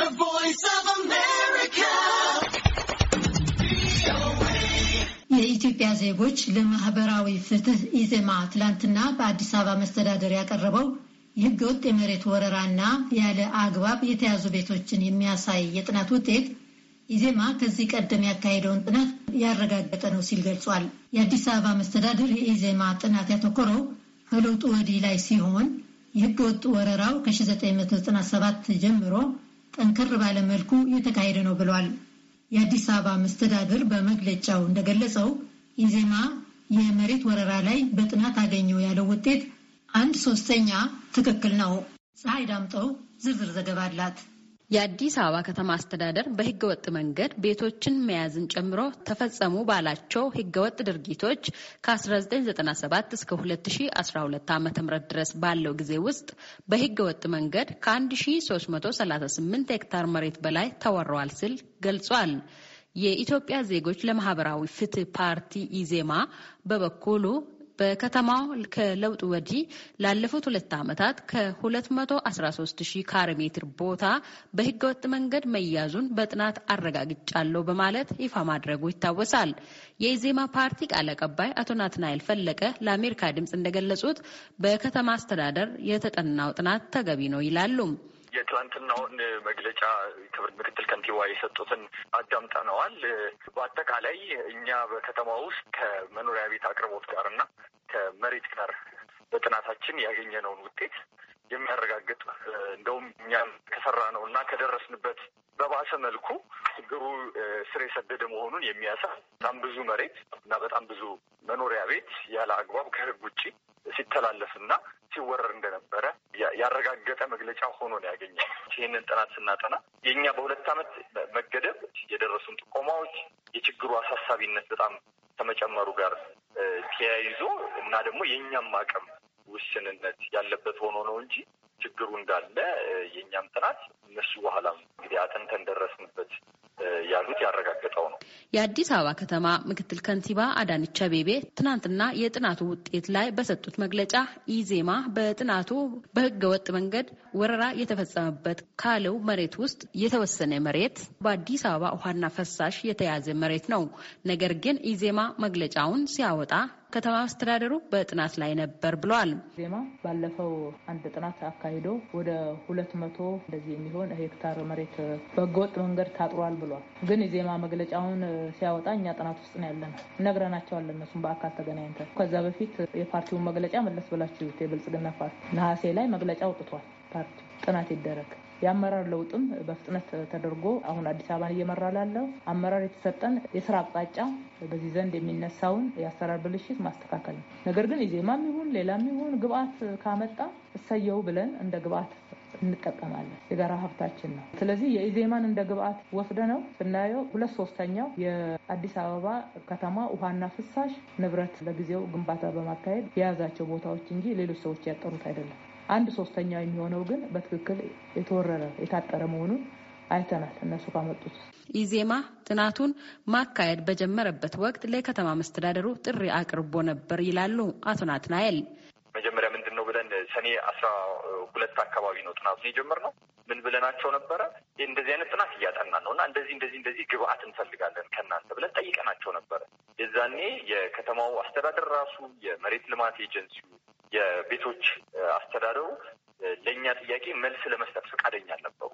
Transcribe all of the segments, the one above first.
The Voice of America. የኢትዮጵያ ዜጎች ለማህበራዊ ፍትህ ኢዜማ ትላንትና በአዲስ አበባ መስተዳደር ያቀረበው ወጥ የመሬት ወረራና ያለ አግባብ የተያዙ ቤቶችን የሚያሳይ የጥናት ውጤት ኢዜማ ከዚህ ቀደም ያካሄደውን ጥናት ያረጋገጠ ነው ሲል ገልጿል። የአዲስ አበባ መስተዳደር የኢዜማ ጥናት ያተኮረው ከለውጡ ወዲህ ላይ ሲሆን የህገ ወጥ ወረራው ከ1997 ጀምሮ ጠንከር መልኩ እየተካሄደ ነው ብሏል። የአዲስ አበባ መስተዳድር በመግለጫው እንደገለጸው ኢዜማ የመሬት ወረራ ላይ በጥናት አገኘው ያለው ውጤት አንድ ሶስተኛ ትክክል ነው። ፀሐይ ዳምጠው ዝርዝር ዘገባ አላት። የአዲስ አበባ ከተማ አስተዳደር በህገወጥ መንገድ ቤቶችን መያዝን ጨምሮ ተፈጸሙ ባላቸው ህገወጥ ድርጊቶች ከ1997 እስከ 2012 ዓ ም ድረስ ባለው ጊዜ ውስጥ በህገወጥ መንገድ ከ1338 ሄክታር መሬት በላይ ተወረዋል ሲል ገልጿል። የኢትዮጵያ ዜጎች ለማህበራዊ ፍትህ ፓርቲ ኢዜማ በበኩሉ በከተማው ከለውጥ ወዲህ ላለፉት ሁለት ዓመታት ከ213 ሺህ ካሬ ሜትር ቦታ በህገወጥ መንገድ መያዙን በጥናት አረጋግጫለሁ በማለት ይፋ ማድረጉ ይታወሳል። የኢዜማ ፓርቲ ቃል አቀባይ አቶ ናትናኤል ፈለቀ ለአሜሪካ ድምፅ እንደገለጹት በከተማ አስተዳደር የተጠናው ጥናት ተገቢ ነው ይላሉ። የትላንትናውን መግለጫ ክብር ምክትል ከንቲባ የሰጡትን አዳምጠነዋል። በአጠቃላይ እኛ በከተማ ውስጥ ከመኖሪያ ቤት አቅርቦት ጋር እና ከመሬት ጋር በጥናታችን ያገኘነውን ውጤት የሚያረጋግጥ እንደውም እኛም ከሰራ ነው እና ከደረስንበት በባሰ መልኩ ችግሩ ስር የሰደደ መሆኑን የሚያሳ በጣም ብዙ መሬት እና በጣም ብዙ መኖሪያ ቤት ያለ አግባብ ከህግ ውጭ ሲተላለፍና ሲወረር ያረጋገጠ መግለጫ ሆኖ ነው ያገኘ። ይህንን ጥናት ስናጠና የእኛ በሁለት ዓመት መገደብ የደረሱን ጥቆማዎች የችግሩ አሳሳቢነት በጣም ከመጨመሩ ጋር ተያይዞ እና ደግሞ የእኛም አቅም ውስንነት ያለበት ሆኖ ነው እንጂ ችግሩ እንዳለ የእኛም ጥናት እነሱ በኋላም እንግዲህ አጥንተን ደረስንበት እንዳሉት ያረጋገጠው ነው። የአዲስ አበባ ከተማ ምክትል ከንቲባ አዳነች አቤቤ ትናንትና የጥናቱ ውጤት ላይ በሰጡት መግለጫ ኢዜማ በጥናቱ በህገወጥ መንገድ ወረራ የተፈጸመበት ካለው መሬት ውስጥ የተወሰነ መሬት በአዲስ አበባ ውሃና ፈሳሽ የተያዘ መሬት ነው። ነገር ግን ኢዜማ መግለጫውን ሲያወጣ ከተማ አስተዳደሩ በጥናት ላይ ነበር ብለዋል። ዜማ ባለፈው አንድ ጥናት አካሂዶ ወደ ሁለት መቶ እንደዚህ የሚሆን ሄክታር መሬት በህገወጥ መንገድ ታጥሯል ብሏል። ግን የዜማ መግለጫውን ሲያወጣ እኛ ጥናት ውስጥ ነው ያለነው። ነግረናቸዋለን። እነሱም በአካል ተገናኝተን ከዛ በፊት የፓርቲውን መግለጫ መለስ ብላችሁ የብልጽግና ፓርቲ ነሐሴ ላይ መግለጫ አውጥቷል። ፓርቲ ጥናት ይደረግ የአመራር ለውጥም በፍጥነት ተደርጎ አሁን አዲስ አበባን እየመራ ላለው አመራር የተሰጠን የስራ አቅጣጫ በዚህ ዘንድ የሚነሳውን የአሰራር ብልሽት ማስተካከል ነው። ነገር ግን ኢዜማም ይሁን ሌላም ይሁን ግብአት ካመጣ እሰየው ብለን እንደ ግብአት እንጠቀማለን። የጋራ ሀብታችን ነው። ስለዚህ የኢዜማን እንደ ግብአት ወስደ ነው ስናየው ሁለት ሶስተኛው የአዲስ አበባ ከተማ ውሃና ፍሳሽ ንብረት ለጊዜው ግንባታ በማካሄድ የያዛቸው ቦታዎች እንጂ ሌሎች ሰዎች ያጠሩት አይደለም። አንድ ሶስተኛ የሚሆነው ግን በትክክል የተወረረ የታጠረ መሆኑን አይተናል። እነሱ ካመጡት ኢዜማ ጥናቱን ማካሄድ በጀመረበት ወቅት ለከተማ መስተዳደሩ ጥሪ አቅርቦ ነበር ይላሉ አቶ ናትናኤል። መጀመሪያ ምንድን ነው ብለን ሰኔ አስራ ሁለት አካባቢ ነው ጥናቱን የጀመርነው። ምን ብለናቸው ነበረ? እንደዚህ አይነት ጥናት እያጠናን ነው እና እንደዚህ እንደዚህ እንደዚህ ግብአት እንፈልጋለን ከእናንተ ብለን ጠይቀናቸው ነበረ። የዛኔ የከተማው አስተዳደር ራሱ የመሬት ልማት ኤጀንሲው የቤቶች አስተዳደሩ ለእኛ ጥያቄ መልስ ለመስጠት ፈቃደኛ አልነበሩ።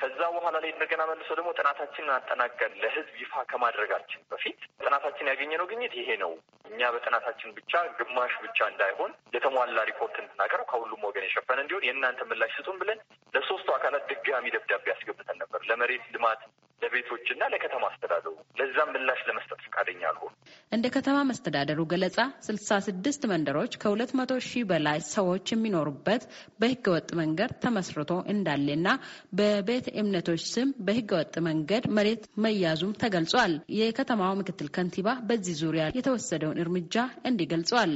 ከዛ በኋላ ላይ እንደገና መልሶ ደግሞ ጥናታችንን አጠናቀን ለህዝብ ይፋ ከማድረጋችን በፊት ጥናታችን ያገኘነው ግኝት ይሄ ነው፣ እኛ በጥናታችን ብቻ ግማሽ ብቻ እንዳይሆን የተሟላ ሪፖርት እንድናቀርብ ከሁሉም ወገን የሸፈነ እንዲሆን የእናንተ ምላሽ ስጡን ብለን ለሶስቱ አካላት ድጋሚ ደብዳቤ አስገብተን ነበር። ለመሬት ልማት ለቤቶችና ለከተማ አስተዳደሩ ለዛም ምላሽ ለመስጠት ፈቃደኛ አልሆኑ። እንደ ከተማ መስተዳደሩ ገለጻ ስልሳ ስድስት መንደሮች ከሁለት መቶ ሺህ በላይ ሰዎች የሚኖሩበት በህገወጥ መንገድ ተመስርቶ እንዳለና በቤተ እምነቶች ስም በህገወጥ መንገድ መሬት መያዙም ተገልጿል። የከተማው ምክትል ከንቲባ በዚህ ዙሪያ የተወሰደውን እርምጃ እንዲህ ገልጿል።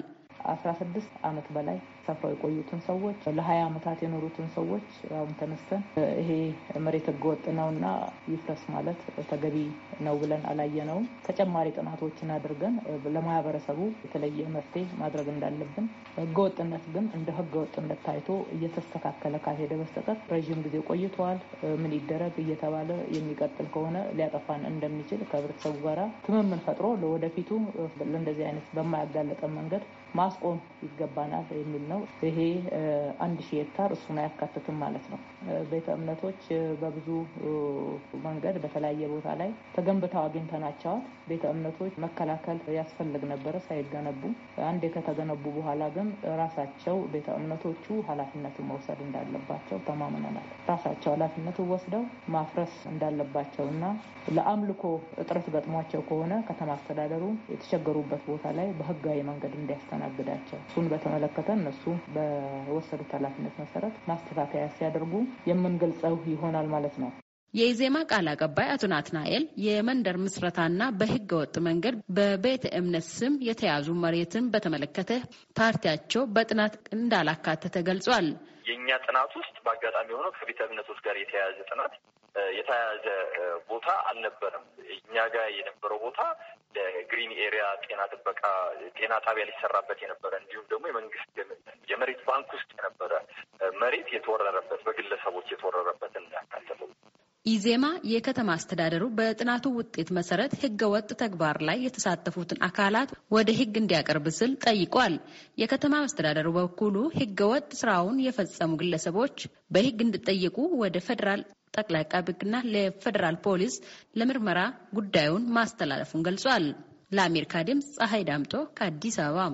አስራ ስድስት አመት በላይ ሰፍረው የቆዩትን ሰዎች ለሀያ አመታት የኖሩትን ሰዎች አሁን ተነስተን ይሄ መሬት ህገወጥ ነው እና ይፍረስ ማለት ተገቢ ነው ብለን አላየነውም። ተጨማሪ ጥናቶችን አድርገን ለማህበረሰቡ የተለየ መፍትሄ ማድረግ እንዳለብን፣ ህገወጥነት ግን እንደ ህገወጥነት ታይቶ እየተስተካከለ ካልሄደ በስተቀር ረዥም ጊዜ ቆይተዋል፣ ምን ይደረግ እየተባለ የሚቀጥል ከሆነ ሊያጠፋን እንደሚችል ከህብረተሰቡ ጋራ ትምምን ፈጥሮ ለወደፊቱ ለእንደዚህ አይነት በማያጋለጠን መንገድ ማስቆም ይገባናል የሚል ነው። ይሄ አንድ ሺህ ሄክታር እሱን አያካትትም ማለት ነው። ቤተ እምነቶች በብዙ መንገድ በተለያየ ቦታ ላይ ተገንብተው አግኝተናቸዋል። ቤተ እምነቶች መከላከል ያስፈልግ ነበረ ሳይገነቡ። አንዴ ከተገነቡ በኋላ ግን ራሳቸው ቤተ እምነቶቹ ኃላፊነቱ መውሰድ እንዳለባቸው ተማምነናል። ራሳቸው ኃላፊነቱ ወስደው ማፍረስ እንዳለባቸው እና ለአምልኮ እጥረት ገጥሟቸው ከሆነ ከተማ አስተዳደሩ የተቸገሩበት ቦታ ላይ በህጋዊ መንገድ እንዲያስተ የምናስተናግዳቸው። እሱን በተመለከተ እነሱ በወሰዱት ኃላፊነት መሰረት ማስተካከያ ሲያደርጉ የምንገልጸው ይሆናል ማለት ነው። የኢዜማ ቃል አቀባይ አቶ ናትናኤል የመንደር ምስረታና በህገ ወጥ መንገድ በቤተ እምነት ስም የተያዙ መሬትን በተመለከተ ፓርቲያቸው በጥናት እንዳላካተተ ገልጿል። የእኛ ጥናት ውስጥ በአጋጣሚ የሆነው ከቤተ እምነቶች ጋር የተያያዘ ጥናት የተያያዘ ቦታ አልነበረም። እኛ ጋር የነበረው ቦታ ለግሪን ኤሪያ ጤና ጥበቃ ጤና ጣቢያ ሊሰራበት የነበረ እንዲሁም ደግሞ የመንግስት የመሬት ባንክ ውስጥ የነበረ መሬት የተወረረበት በግለሰቦች የተወረረበትን ያካተተው ኢዜማ የከተማ አስተዳደሩ በጥናቱ ውጤት መሰረት ህገ ወጥ ተግባር ላይ የተሳተፉትን አካላት ወደ ህግ እንዲያቀርብ ስል ጠይቋል። የከተማ አስተዳደሩ በኩሉ ህገ ወጥ ስራውን የፈጸሙ ግለሰቦች በህግ እንዲጠየቁ ወደ ፌዴራል ጠቅላይ አቃቤ ሕግና ለፌዴራል ፖሊስ ለምርመራ ጉዳዩን ማስተላለፉን ገልጿል። ለአሜሪካ ድምፅ ፀሐይ ዳምጦ ከአዲስ አበባ